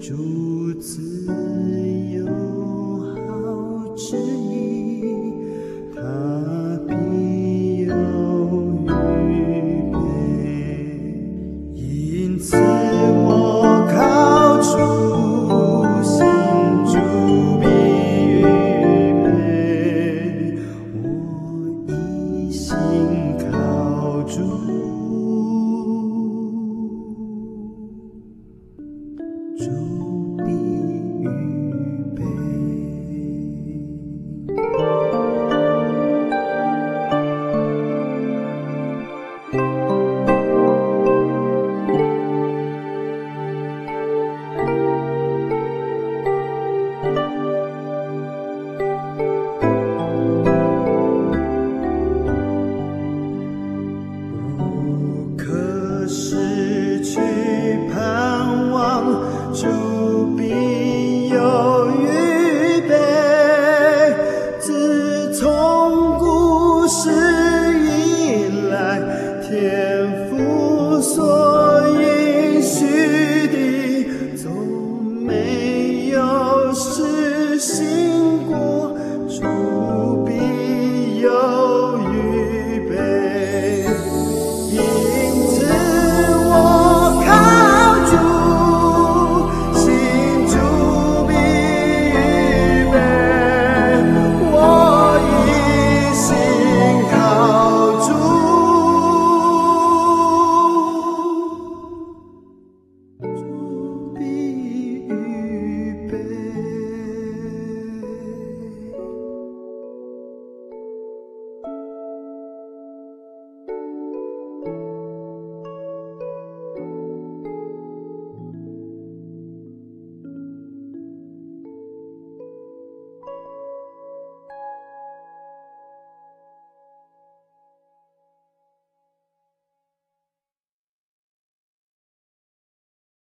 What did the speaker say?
主自有好旨意。